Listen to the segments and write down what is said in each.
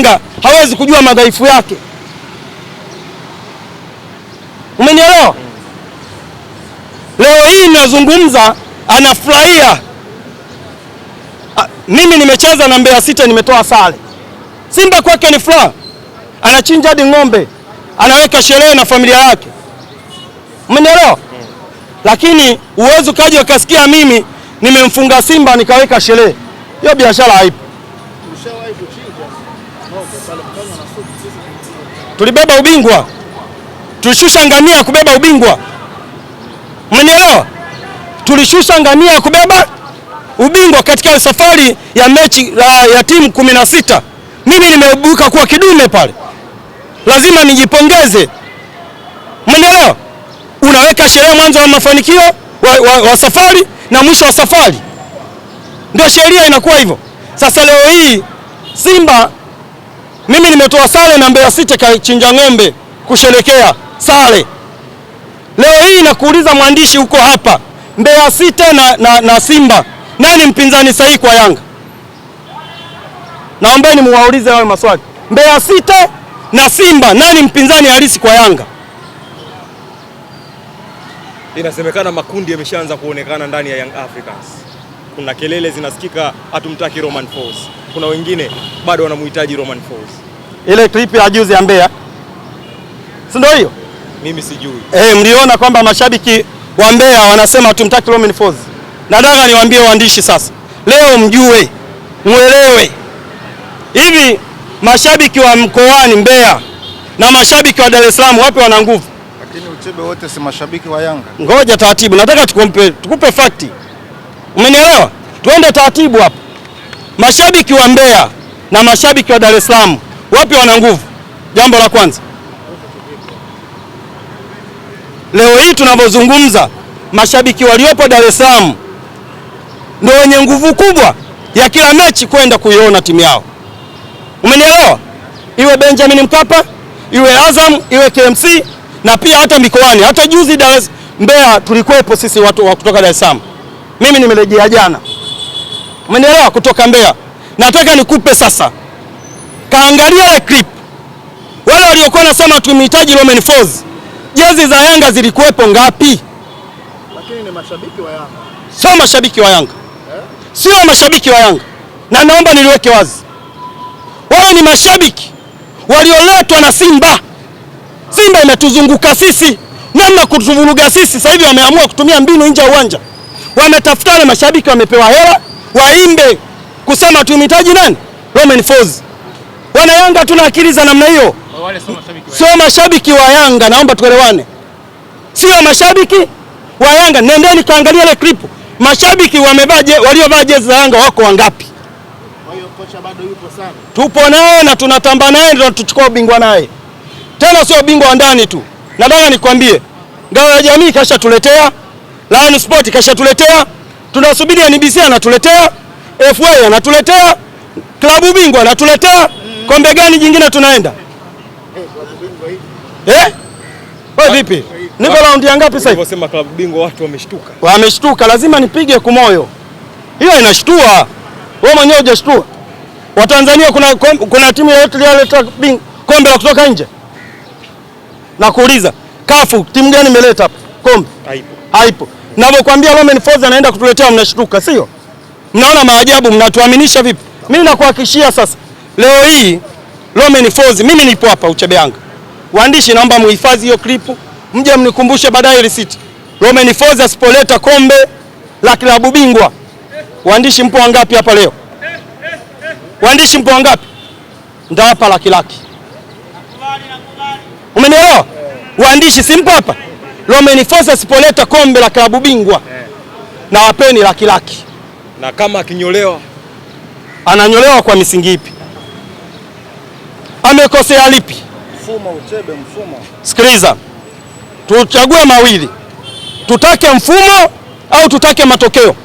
mganga hawezi kujua madhaifu yake. Umenielewa? Leo hii nazungumza, anafurahia. Mimi nimecheza na Mbeya City, nimetoa sare. Simba kwake ni furaha, anachinja hadi ng'ombe, anaweka sherehe na familia yake. Umenielewa? Lakini uwezo kaji wakasikia mimi nimemfunga Simba nikaweka sherehe, hiyo biashara haipo. tulibeba ubingwa, tulishusha ngamia ya kubeba ubingwa, umenielewa? Tulishusha ngamia ya kubeba ubingwa katika safari ya mechi ya timu kumi na sita. Mimi nimeibuka kuwa kidume pale, lazima nijipongeze, umenielewa? Unaweka sheria mwanzo wa mafanikio wa, wa, wa safari na mwisho wa safari, ndio sheria inakuwa hivyo. Sasa leo hii Simba mimi nimetoa sare na Mbeya City kachinja ng'ombe kusherekea sare. Leo hii nakuuliza mwandishi, huko hapa Mbeya City na, na, na Simba, nani mpinzani sahihi kwa Yanga? Naombeni muwaulize hayo maswali. Mbeya City na Simba, nani mpinzani halisi kwa Yanga? Inasemekana makundi yameshaanza kuonekana ndani ya Young Africans, kuna kelele zinasikika, hatumtaki Roman Force kuna wengine bado wanamhitaji Romain Folz. Ile clip ya juzi ya Mbeya, si ndio hiyo? Mimi sijui eh, mliona kwamba mashabiki wa Mbeya wanasema tumtaki Romain Folz. Nataka niwaambie waandishi sasa, leo mjue, mwelewe hivi mashabiki wa mkoani Mbeya na mashabiki wa Dar es Salaam wapi wana nguvu? Lakini Uchebe wote si mashabiki wa Yanga. Ngoja taratibu, nataka tukumpe, tukupe fakti, umenielewa? Tuende taratibu hapo. Mashabiki wa Mbeya na mashabiki wa Dar es Salaam wapi wana nguvu? Jambo la kwanza, leo hii tunavyozungumza, mashabiki waliopo Dar es Salaam ndio wenye nguvu kubwa ya kila mechi kwenda kuiona timu yao. Umenielewa? Iwe Benjamin Mkapa, iwe Azam, iwe KMC na pia hata mikoani. Hata juzi Mbeya tulikuwepo sisi watu wa kutoka Dar es Salaam. Mimi nimerejea jana. Umenielewa? Kutoka Mbeya nataka nikupe sasa, kaangalia ile clip. Wale waliokuwa nasema tumhitaji Romain Folz, jezi za Yanga zilikuwepo ngapi? Lakini ni mashabiki wa Yanga, sio mashabiki wa Yanga eh? Sio mashabiki wa Yanga, na naomba niliweke wazi, wao ni mashabiki walioletwa na Simba. Simba imetuzunguka sisi namna kutuvuruga sisi. Sasa hivi wameamua kutumia mbinu nje ya uwanja, wametafuta wale mashabiki, wamepewa hela waimbe kusema tumhitaji nani Roman Folz. Wana Yanga tuna akili za namna hiyo, sio mashabiki wa Yanga, naomba tuelewane, sio mashabiki wa Yanga. Nendeni kaangalia ile clip, mashabiki waliovaa jezi za Yanga wako wangapi? tupo naye na tunatamba naye, ndio tuchukua ubingwa naye tena, sio ubingwa wa ndani tu. Nataka nikwambie, ngao ya jamii kashatuletea, Lion Sport kashatuletea tunasubiri NBC anatuletea, FA anatuletea, klabu bingwa anatuletea, kombe gani jingine tunaenda eh? Wewe vipi, niko raundi ya ngapi sasa hivi? Unasema klabu bingwa, watu wameshtuka, wameshtuka. Lazima nipige kumoyo, hiyo inashtua. Wewe mwenyewe hujashtua. Watanzania, kuna, kuna timu yoyote iliyoleta kombe la kutoka nje? Nakuuliza, kafu timu gani imeleta kombe? Haipo, haipo. Navyokuambia Roman Forza anaenda kutuletea, mnashtuka sio? Mnaona maajabu, mnatuaminisha vipi? Mimi nakuhakikishia sasa, leo hii Roman Forza, mimi nipo hapa Uchebe Yanga. Waandishi, naomba muhifadhi hiyo clip, mje mnikumbushe baadaye receipt. Roman Forza asipoleta kombe la klabu bingwa, waandishi mpo wangapi hapa leo? Waandishi mpo wangapi? hapa laki laki, umenielewa? Waandishi simpo hapa? Romain Folz asipoleta kombe la klabu bingwa yeah, na wapeni laki laki. Na kama akinyolewa, ananyolewa kwa misingi ipi? Amekosea lipi? Mfumo uchebe mfumo. Sikiliza, tuchague mawili, tutake mfumo au tutake matokeo.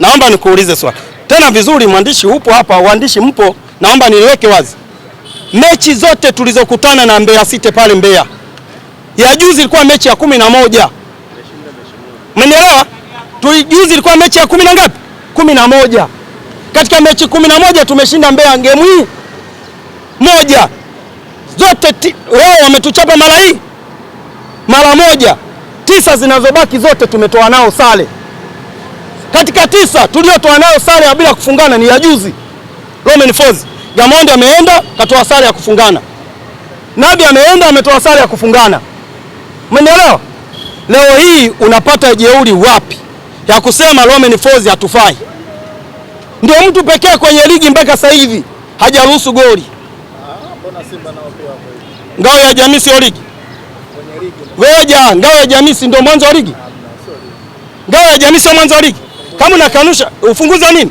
Naomba nikuulize swali tena vizuri, mwandishi upo hapa, uandishi mpo, naomba niliweke wazi. Mechi zote tulizokutana na Mbeya City pale Mbeya ya juzi ilikuwa mechi ya kumi na moja umenielewa? Juzi ilikuwa mechi ya kumi na ngapi? kumi na moja katika mechi kumi na moja tumeshinda Mbeya ngemu hii moja zote, wao wametuchapa mara hii mara moja, tisa zinazobaki zote tumetoa nao sare. Katika tisa tuliotoa nayo sare ya bila kufungana ni ya juzi, Roman Folz Gamondi ameenda katoa sare ya kufungana, Nabi ameenda ametoa sare ya kufungana. Umeelewa? Leo hii unapata jeuri wapi ya kusema Romain Folz hatufai? Ndio mtu pekee kwenye ligi mpaka sasa hivi hajaruhusu goli. Ngao ya jamii sio ligi weja, ngao ya jamii si ndio mwanzo wa ligi? Ngao ya jamii sio mwanzo wa ligi? Kama unakanusha ufunguzi wa nini?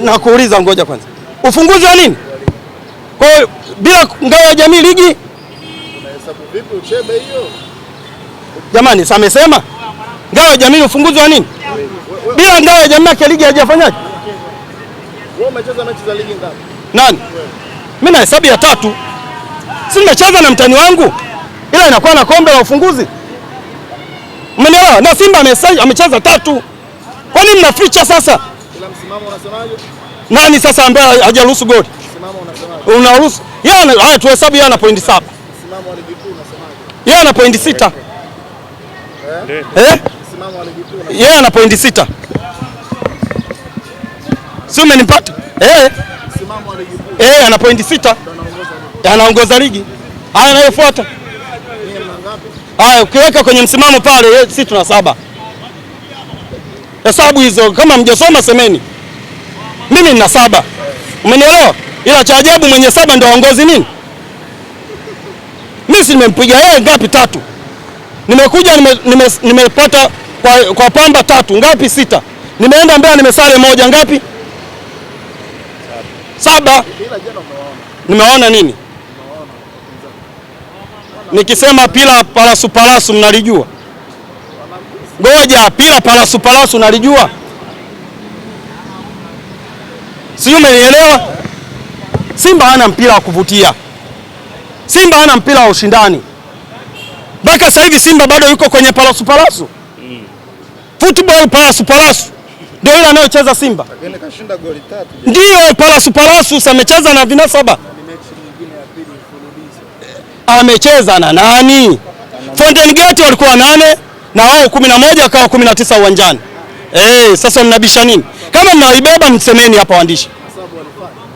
Nakuuliza, ngoja kwanza, ufunguzi wa nini? Kwa hiyo bila ngao ya jamii ligi unahesabu vipi uchebe hiyo? Jamani, amesema ngao ya jamii ufunguzi wa nini? Bila ngao ya jamii yake ligi haijafanyaje? Wewe umecheza mechi za ligi ngapi? Nani? Mimi na hesabu ya tatu, si nimecheza na mtani wangu, ila inakuwa na kombe la ufunguzi, umenielewa? Na Simba amecheza tatu, kwa nini mnaficha sasa? Ila msimamo unasemaje? Nani sasa ambaye hajaruhusu goli? Unaruhusu yeye, haya tuhesabu, yeye ana pointi saba. Msimamo wa unasemaje? Yeye ana pointi sita. Eh? Eh? yeye ana pointi sita, si umenipata? Eh, eh ana pointi sita, anaongoza ligi. Haya, anayofuata haya, ukiweka kwenye msimamo pale, sisi tuna saba. Hesabu hizo kama mjasoma semeni, mimi nina saba, umenielewa? Ila cha ajabu mwenye saba ndo aongozi nini? Mimi si nimempiga yeye ngapi? Tatu. Nimekuja nime, nime, nimepata kwa, kwa pamba tatu ngapi? Sita. Nimeenda Mbeya nimesare moja ngapi? Saba. Nimeona nini? Nikisema pila palasu palasu mnalijua? Ngoja, pila palasu palasu nalijua? Si umenielewa? Simba hana mpira wa kuvutia. Simba hana mpira wa ushindani mpaka sasa hivi Simba bado yuko kwenye palasu palasu. Mm. Football palasu palasu ndio yule anayocheza Simba. Kashinda goli tatu. Ndio palasu palasu amecheza na vinasaba. Amecheza na nani? Fountain Gate walikuwa nane na wao kumi na moja akawa kumi na tisa uwanjani. Eh, sasa mnabisha nini? Kama mnaibeba msemeni hapa waandishi.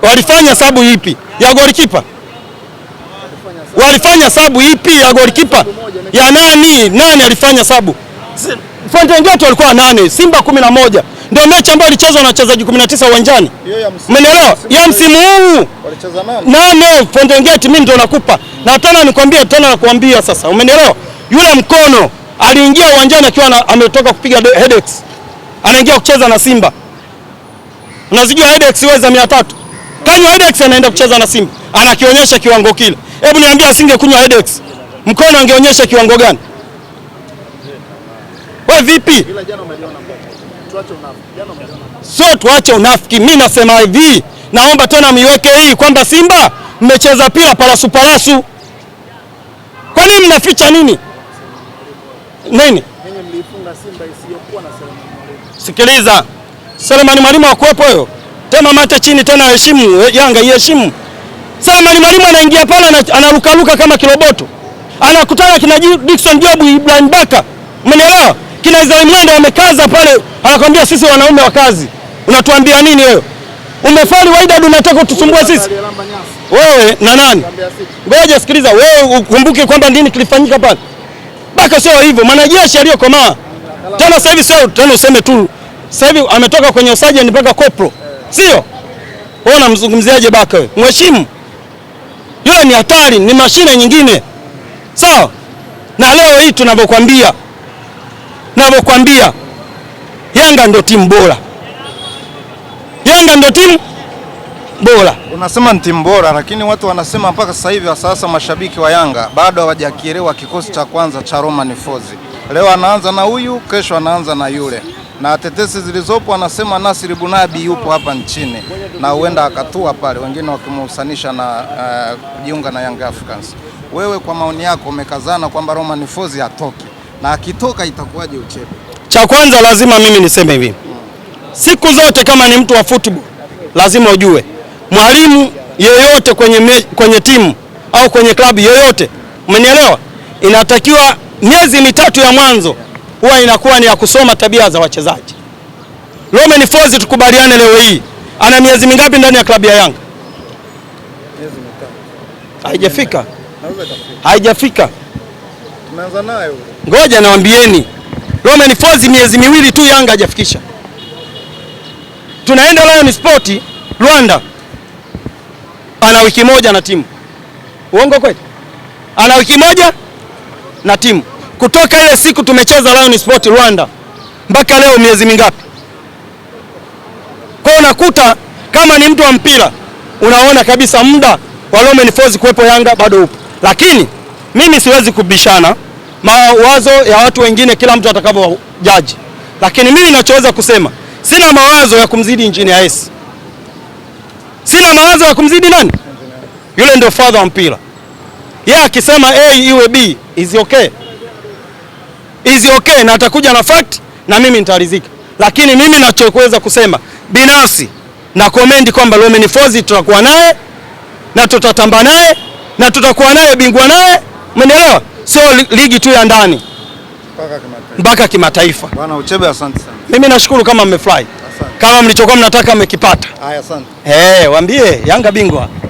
Walifanya sabu ipi? Ya golikipa? walifanya sabu ipi ya golikipa ya nani? Nani alifanya sabu? Fountain walikuwa nane, Simba kumi na moja ndio mechi ambayo ilichezwa na wachezaji 19 uwanjani. Umeelewa? Ya msimu huu nani? Nane, Fountain Gate mimi ndio nakupa. Na tena nikwambia tena nakwambia sasa. Umeelewa? Yule mkono aliingia uwanjani akiwa ametoka kupiga headaches. Anaingia kucheza na Simba. Unazijua headaches wewe za 300. Kanywa headaches anaenda kucheza na Simba. Anakionyesha kiwango kile. Hebu niambie, asingekunywa Hedex mkono angeonyesha kiwango gani? We vipi? Sio tuache unafiki. Mi nasema hivi, naomba tena miweke hii kwamba Simba mmecheza pira parasuparasu. Kwa nini mnaficha nini nini? Sikiliza, Selemani mwalimu akuwepo huyo, tema mate chini, tena heshimu eh, Yanga, iheshimu sasa Mwalimu Mwalimu anaingia pale anarukaruka kama kiroboto, anakutana kina Dickson Job Ibrahim Baka, umenielewa? Kina Israel Mwenda wamekaza pale, anakwambia sisi wanaume wa kazi. Unatuambia nini wewe? Umefali Wydad, unataka kutusumbua sisi wewe na nani? Ngoja sikiliza, wewe ukumbuke kwamba nini kilifanyika pale. Baka sio hivyo, mwanajeshi aliyokomaa tena sasa hivi, sio tena useme tu sasa hivi ametoka kwenye usajili mpaka kopro. sio wewe? Unamzungumziaje Baka wewe? Mheshimu. Yule ni hatari, ni mashine nyingine, sawa. na leo hii tunavyokwambia, navyokwambia Yanga ndio timu bora, Yanga ndio timu bora. Unasema ni timu bora, lakini watu wanasema mpaka sasa hivi, sasa mashabiki wa Yanga bado hawajakielewa kikosi cha kwanza cha Romain Folz. Leo anaanza na huyu, kesho anaanza na yule na tetesi zilizopo anasema Nasri Bunabi yupo hapa nchini na huenda akatua pale, wengine wakimhusanisha na eh, kujiunga uh, na Young Africans. Wewe kwa maoni yako umekazana kwamba Romain Folz atoke, na akitoka itakuwaje uchepe? Cha kwanza lazima mimi niseme hivi, siku zote kama ni mtu wa football lazima ujue mwalimu yeyote kwenye, me, kwenye timu au kwenye klabu yoyote, umenielewa, inatakiwa miezi mitatu ya mwanzo huwa inakuwa ni ya kusoma tabia za wachezaji. Romain Folz tukubaliane leo hii ana miezi mingapi ndani ya klabu ya Yanga? Haijafika, haijafika. Tumeanza nayo. Ngoja nawambieni, Romain Folz miezi miwili tu Yanga hajafikisha. Tunaenda Lion Sport Rwanda, ana wiki moja na timu. Uongo kweli? Ana wiki moja na timu. Kutoka ile siku tumecheza Lion Sport Rwanda mpaka leo miezi mingapi? Kwa unakuta kama ni mtu wa mpira unaona kabisa muda wa Romain Force kuwepo Yanga bado upo, lakini mimi siwezi kubishana mawazo ya watu wengine, kila mtu atakavyo jaji, lakini mimi ninachoweza kusema sina mawazo ya kumzidi Engineer S, sina mawazo ya kumzidi nani, yule ndio father wa mpira. Yeye akisema A iwe B is okay hizi okay na atakuja na fact na mimi nitaridhika, lakini mimi nachoweza kusema binafsi na comment kwamba Romain Folz tutakuwa naye na tutatamba naye na tutakuwa naye bingwa naye, umeelewa? Sio ligi tu ya ndani mpaka kimataifa. Bwana Uchebe, asante sana. Mimi nashukuru kama mmefly, kama mlichokuwa mnataka mmekipata. Haya, asante. Eh, waambie Yanga bingwa.